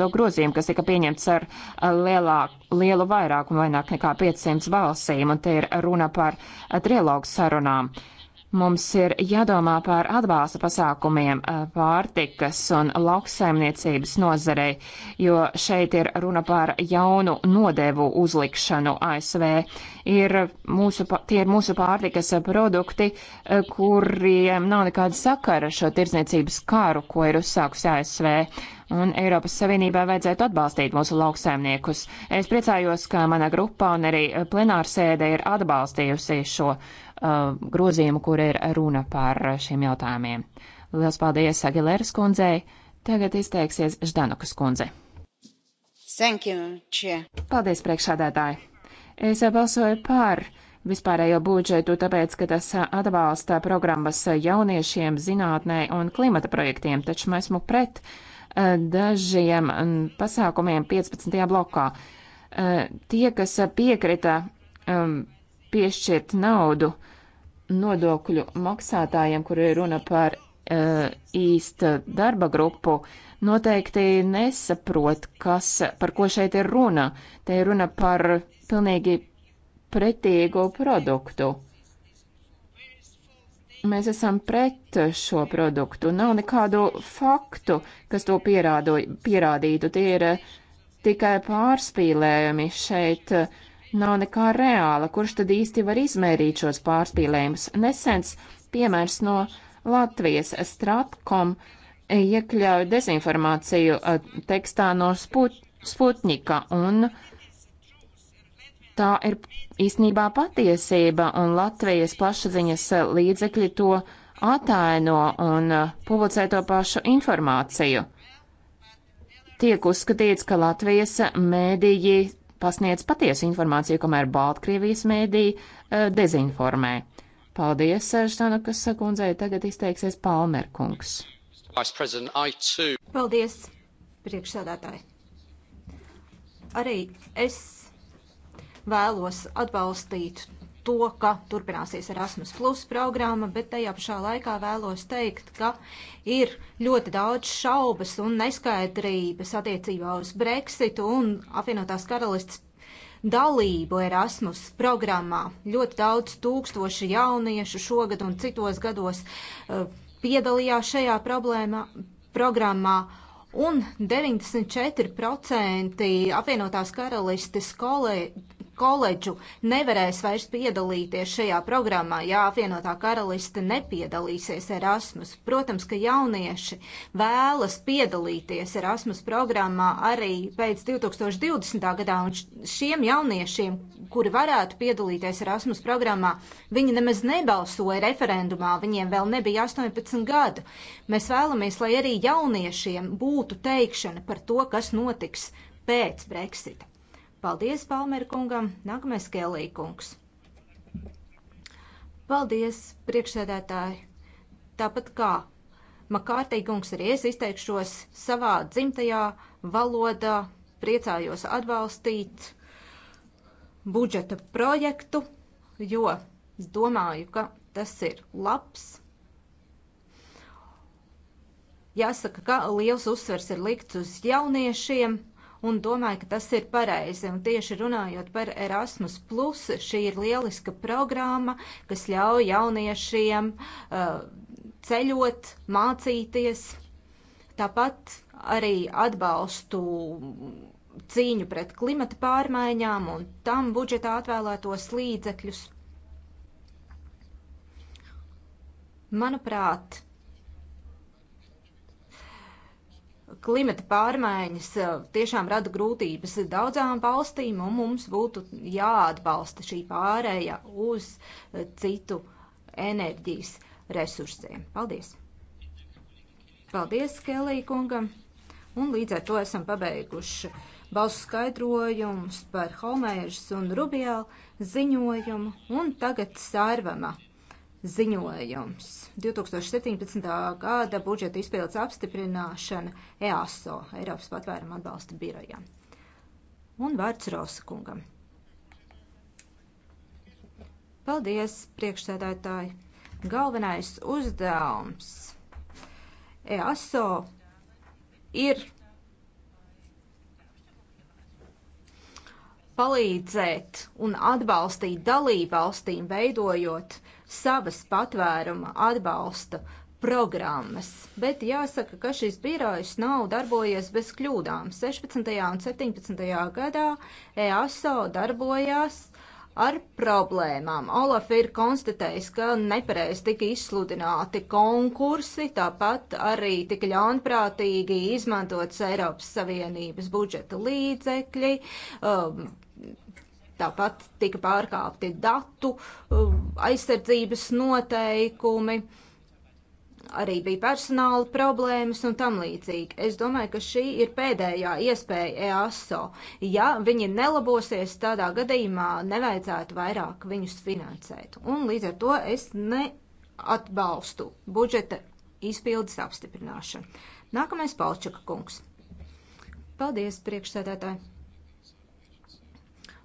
to grozījumu, kas tika pieņemts ar lielāku, lielu vairākumu, vairāk nekā 500 balsīm, un te ir runa par eh, trilogu sarunām. Uh, Mums ir jādomā par atbalsta pasākumiem eh, pārtikas un lauksaimniecības nozarei, jo šeit ir runa par jaunu nodevu uzlikšanu ASV. Ir mūsu, tie ir mūsu pārtikas produkti, eh, kuriem nav nekāda sakara šo tirdzniecības kāru, ko ir uzsākusi ASV. Un Eiropas Savienībā vajadzētu atbalstīt mūsu lauksaimniekus. Es priecājos, ka mana grupa un arī plenārsēde ir atbalstījusi šo Uh, grozījumu, kur ir runa par šiem jautājumiem. Lielas paldies Agilēras kundzei. Tagad izteiksies Ždanukas kundze. Thank you, Chair. Paldies, priekšādātāji. Es balsoju par vispārējo budžetu, tāpēc, ka tas atbalsta programmas jauniešiem, zinātnē un klimata projektiem, taču esmu pret uh, dažiem um, pasākumiem 15. blokā. Uh, tie, kas piekrita um, piešķirt naudu nodokļu maksātājiem, kur ir runa par uh, īsta darba grupu, noteikti nesaprot, kas, par ko šeit ir runa. Te ir runa par pilnīgi pretīgu produktu. Mēs esam pret šo produktu. Nav nekādu faktu, kas to pierādo, pierādītu. Tie ir e, tikai pārspīlējumi šeit. Uh, nav nekā reāla, kurš tad īsti var izmērīt šos pārspīlējumus. Nesens piemērs no Latvijas Stratkom iekļauj dezinformāciju tekstā no sput, Sputnika, un tā ir īstenībā patiesība, un Latvijas plašsaziņas līdzekļi to ataino un publicē to pašu informāciju. Tiek uzskatīts, ka Latvijas mēdīji pasniedz patiesu informāciju, kamēr Baltkrievijas mēdī e, dezinformē. Paldies, Štanukas kundzei. Tagad izteiksies Palmerkungs. Paldies, priekšsēdētāji. Arī es vēlos atbalstīt to, ka turpināsies Erasmus Plus programma, bet tajā pašā laikā vēlos teikt, ka ir ļoti daudz šaubas un neskaidrības attiecībā uz Brexitu un apvienotās karalists dalību Erasmus programmā. Ļoti daudz tūkstoši jauniešu šogad un citos gados uh, piedalījās šajā problēmā, programmā. Un 94% apvienotās karalistes kolēģi koledžu nevarēs vairs piedalīties šajā programmā, ja apvienotā karaliste nepiedalīsies Erasmus. Protams, ka jaunieši vēlas piedalīties Erasmus programmā arī pēc 2020. gadā, un šiem jauniešiem, kuri varētu piedalīties Erasmus programmā, viņi nemaz nebalsoja referendumā, viņiem vēl nebija 18 gadu. Mēs vēlamies, lai arī jauniešiem būtu teikšana par to, kas notiks pēc Brexita. Paldies, Palmer kungam. Nākamais Kelī kungs. Paldies, priekšsēdētāji. Tāpat kā Makārtī kungs arī es izteikšos savā dzimtajā valodā, priecājos atbalstīt budžeta projektu, jo domāju, ka tas ir labs. Jāsaka, ka liels uzsvers ir likts uz jauniešiem, un domāju, ka tas ir pareizi. Un tieši runājot par Erasmus, Plus, šī ir lieliska programma, kas ļauj jauniešiem uh, ceļot, mācīties. Tāpat arī atbalstu cīņu pret klimata pārmaiņām un tam budžetā atvēlētos līdzekļus. Manuprāt, klimata pārmaiņas eh, tiešām rada grūtības daudzām valstīm, un mums būtu jāatbalsta šī pārēja uz eh, citu enerģijas resursiem. Paldies! Paldies, Kelija kungam! Un līdz ar to esam pabeiguši balsu skaidrojumus par Homēžas un Rubijālu ziņojumu, un tagad sārvama ziņojums. 2017. gada budžeta izpildes apstiprināšana EASO, Eiropas patvēruma atbalsta birojā. Un vārds Rosa kungam. Paldies, priekšsēdētāji. Galvenais uzdevums EASO ir palīdzēt un atbalstīt dalībvalstīm veidojot uh, savas patvēruma atbalsta programmas, bet jāsaka, ka šīs birojas nav darbojies bez kļūdām. 16. un 17. gadā EASO darbojās ar problēmām. Olaf ir konstatējis, ka nepareizi tika izsludināti konkursi, tāpat arī tika ļaunprātīgi izmantots Eiropas Savienības budžeta līdzekļi. Um, Tāpat tika pārkāpti datu um, aizsardzības noteikumi, arī bija personāla problēmas un tam līdzīgi. Es domāju, ka šī ir pēdējā iespēja EASO. Ja viņi nelabosies, tādā gadījumā nevajadzētu vairāk viņus finansēt. Un līdz ar to es neatbalstu budžeta izpildes apstiprināšanu. Nākamais Palčaka kungs. Paldies, priekšsēdētāji!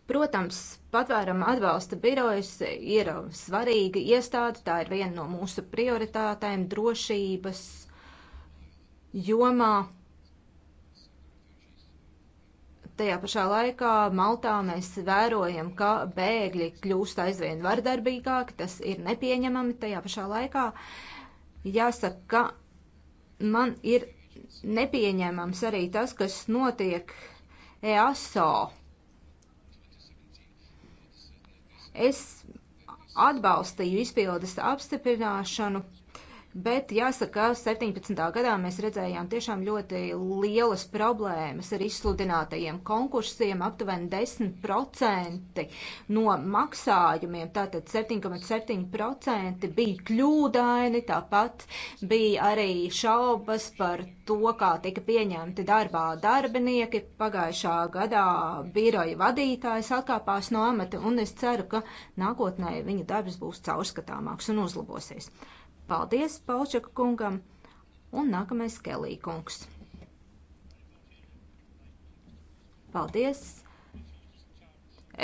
Protams, patvērama atbalsta birojas ir svarīga iestāde, tā ir viena no mūsu prioritātēm drošības jomā. Tajā pašā laikā Maltā mēs vērojam, ka bēgļi kļūst aizvien vardarbīgāki, tas ir nepieņemami. Tajā pašā laikā jāsaka, ka man ir nepieņemams arī tas, kas notiek EASO Es atbalstīju izpildes apstiprināšanu Bet jāsaka, 17. gadā mēs redzējām tiešām ļoti lielas problēmas ar izsludinātajiem konkursiem, aptuveni 10% no maksājumiem, tātad 7,7% bija kļūdaini, tāpat bija arī šaubas par to, kā tika pieņemti darbā darbinieki. Pagājušā gadā biroja vadītājs atkāpās no amata, un es ceru, ka nākotnē viņa darbs būs caurskatāmāks un uzlabosies. Paldies Paučaka kungam un nākamais Kelī kungs. Paldies!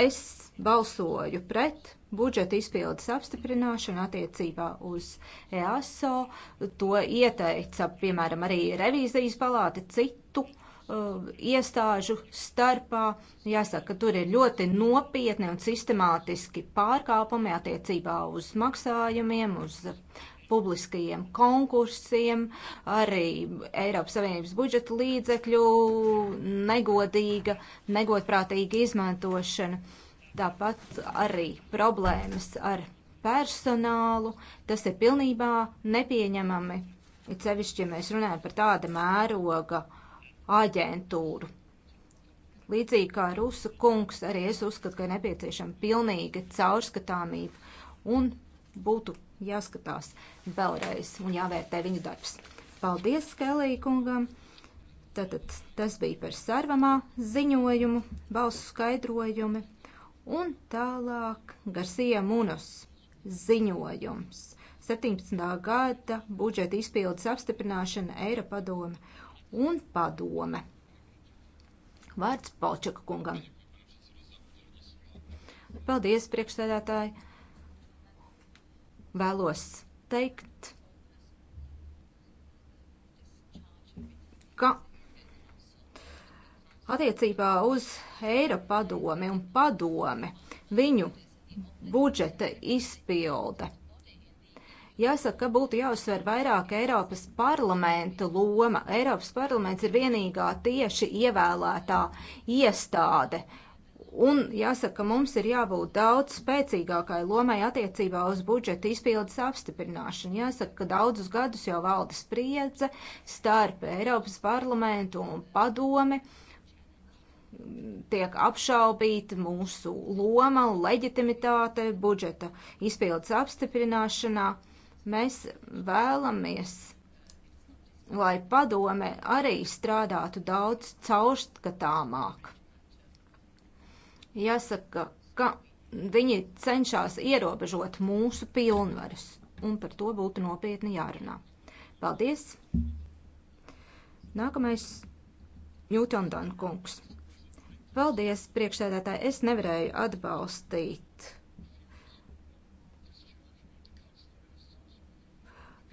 Es balsoju pret budžeta izpildes apstiprināšanu attiecībā uz EASO. To ieteica, piemēram, arī revīzijas palāta citu uh, iestāžu starpā. Jāsaka, ka tur ir ļoti nopietni un sistemātiski pārkāpumi attiecībā uz maksājumiem, uz publiskajiem konkursiem, arī Eiropas Savienības budžeta līdzekļu negodīga, negodprātīga izmantošana. Tāpat arī problēmas ar personālu. Tas ir pilnībā nepieņemami. It sevišķi, ja mēs runājam par tāda mēroga aģentūru. Līdzīgi kā Rusa kungs, arī es uzskatu, ka ir nepieciešama pilnīga caurskatāmība un būtu jāskatās vēlreiz un jāvērtē viņu darbs. Paldies Skelī kungam! Tātad tas bija par sarvamā ziņojumu, balsu skaidrojumi un tālāk Garcia Munos ziņojums. 17. gada budžeta izpildes apstiprināšana Eiropadome un padome. Vārds Palčaka kungam. Paldies, priekšsēdētāji! vēlos teikt, ka attiecībā uz Eiropadomi un padomi viņu budžeta izpilde. Jāsaka, ka būtu jāuzsver vairāk Eiropas parlamenta loma. Eiropas parlaments ir vienīgā tieši ievēlētā iestāde, uh, Un jāsaka, ka mums ir jābūt daudz spēcīgākai lomai attiecībā uz budžeta izpildes apstiprināšanu. Jāsaka, ka daudzus gadus jau valda spriedze starp Eiropas parlamentu un padomi. Tiek apšaubīta mūsu loma un leģitimitāte budžeta izpildes apstiprināšanā. Mēs vēlamies, lai padome arī strādātu daudz caurskatāmāk Jāsaka, ka viņi cenšas ierobežot mūsu pilnvarus, un par to būtu nopietni jārunā. Paldies! Nākamais Jūtondon kungs. Paldies, priekšsēdētāji, es nevarēju atbalstīt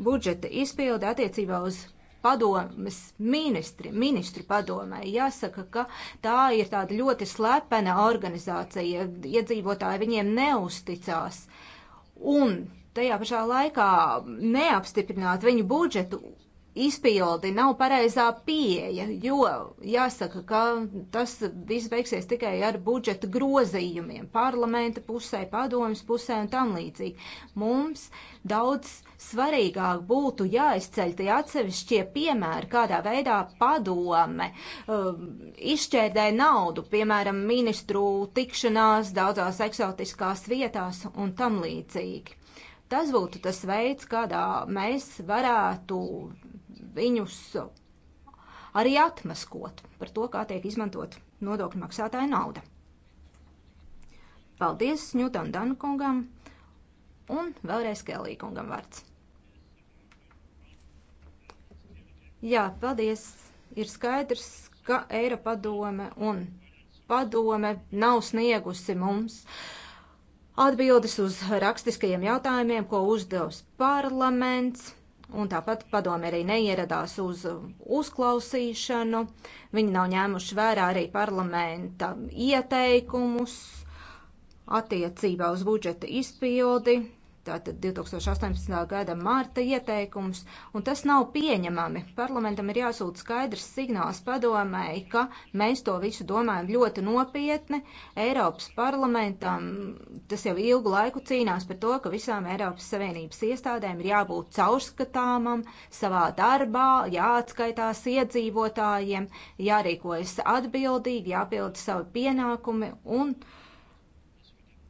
budžeta izpildi attiecībā uz padomes ministri, ministru padomē. Jāsaka, ka tā ir tāda ļoti slepena organizācija, iedzīvotāji viņiem neusticās. Un tajā pašā laikā neapstiprināt viņu budžetu izpildi nav pareizā pieeja, jo jāsaka, ka tas viss beigsies tikai ar budžeta grozījumiem parlamenta pusē, padomjas pusē un tam līdzīgi. Mums daudz svarīgāk būtu jāizceļ tie atsevišķie piemēri, kādā veidā padome um, izšķērdē naudu, piemēram, ministru tikšanās daudzās eksotiskās vietās un tam līdzīgi. Tas būtu tas veids, kādā mēs varētu viņus arī atmaskot par to, kā tiek izmantot nodokļu maksātāja nauda. Paldies Ņūtam Danukungam un vēlreiz Kelī kungam vārds. Jā, paldies. Ir skaidrs, ka Eiropadome un padome nav sniegusi mums atbildes uz rakstiskajiem jautājumiem, ko uzdevs parlaments. Un tāpat padome arī neieradās uz uzklausīšanu. Viņi nav ņēmuši vērā arī parlamenta ieteikumus attiecībā uz budžeta izpildi tātad 2018. gada mārta ieteikums, un tas nav pieņemami. Parlamentam ir jāsūt skaidrs signāls padomēji, ka mēs to visu domājam ļoti nopietni. Eiropas parlamentam tas jau ilgu laiku cīnās par to, ka visām Eiropas Savienības iestādēm ir jābūt caurskatāmam savā darbā, jāatskaitās iedzīvotājiem, jārīkojas atbildīgi, jāpilda savi pienākumi un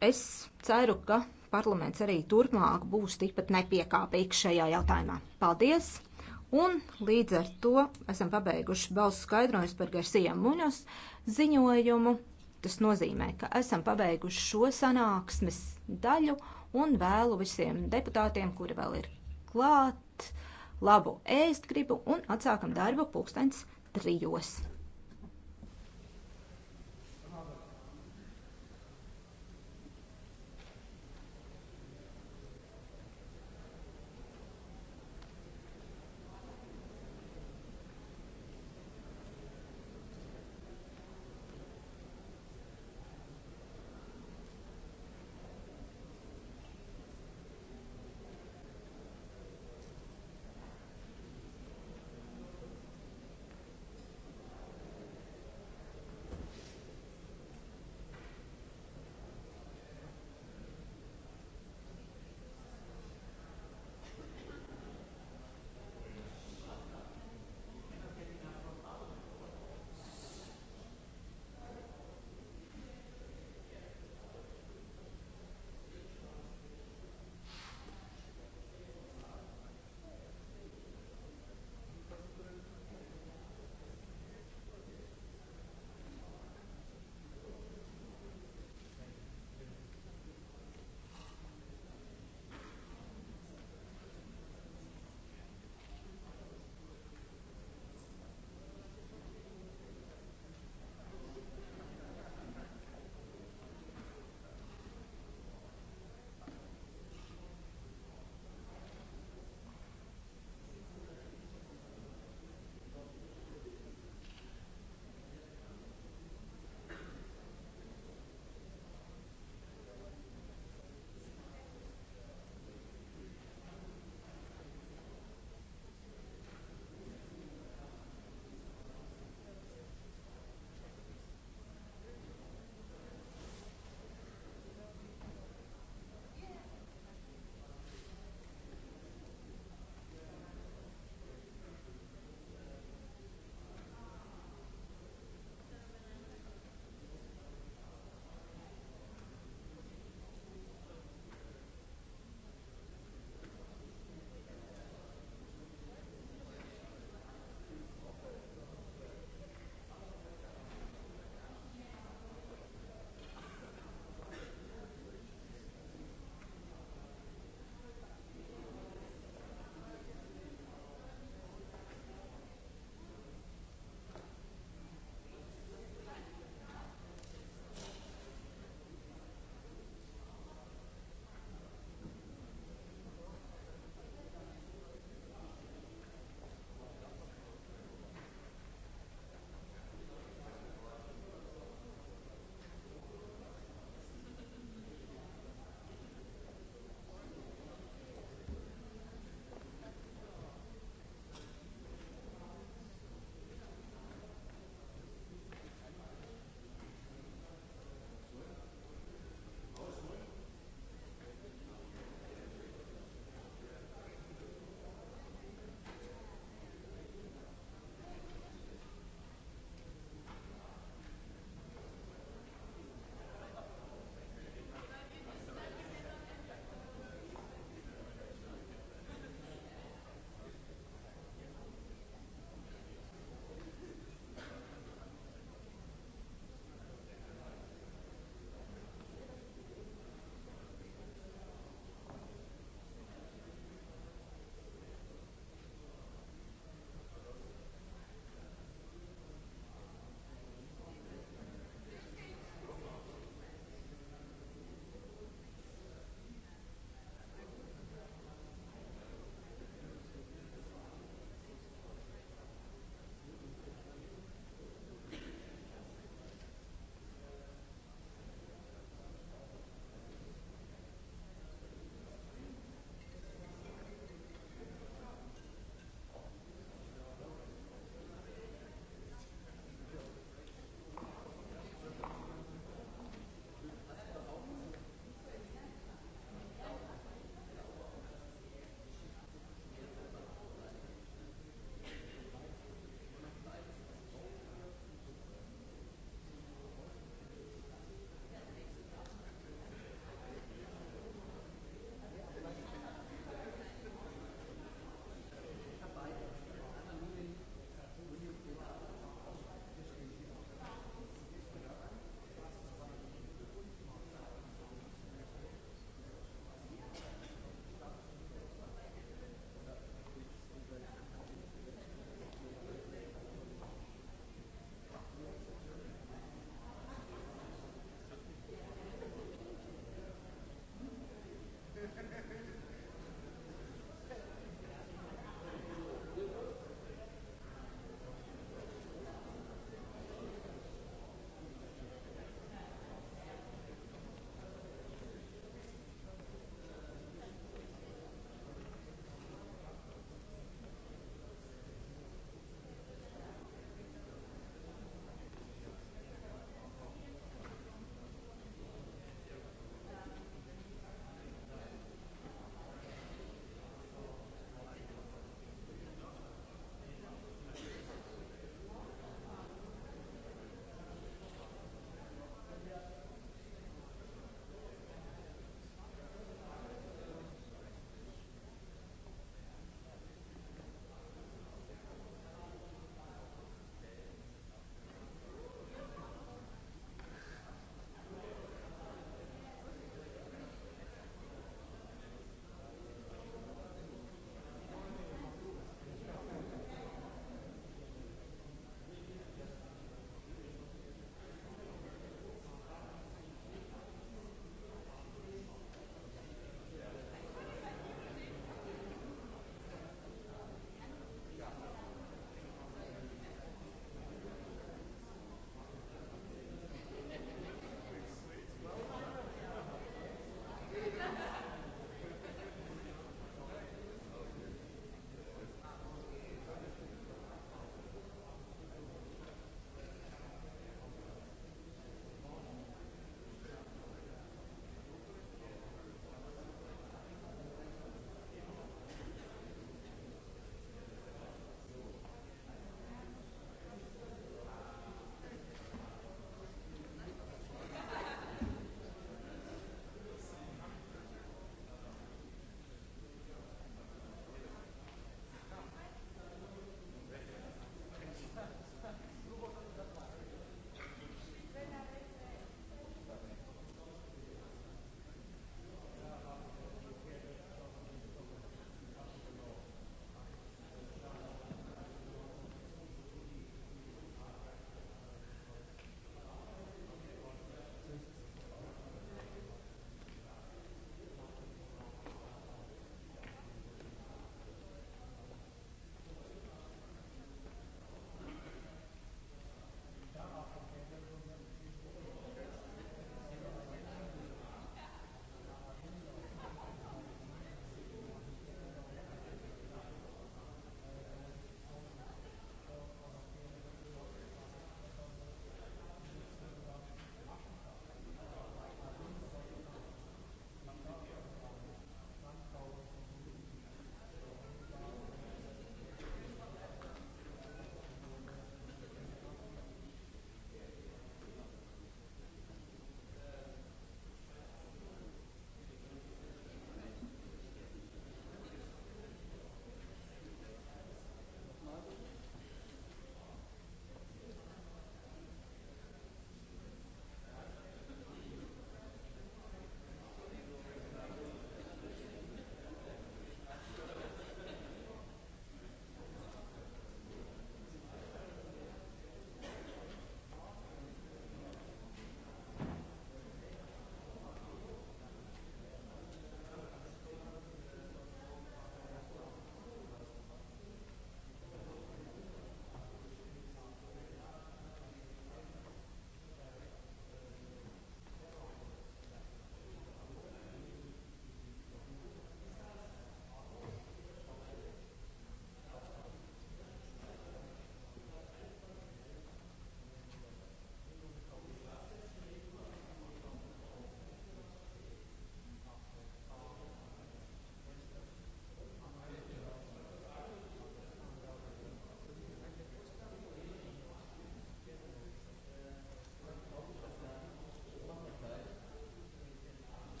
es ceru, ka parlaments arī turpmāk būs tikpat nepiekāpīgs šajā jautājumā. Paldies! Un līdz ar to esam pabeiguši balsu skaidrojumus par Garcia Muņas ziņojumu. Tas nozīmē, ka esam pabeiguši šo sanāksmes daļu un vēlu visiem deputātiem, kuri vēl ir klāt, labu ēst gribu un atsākam darbu pulkstens trijos.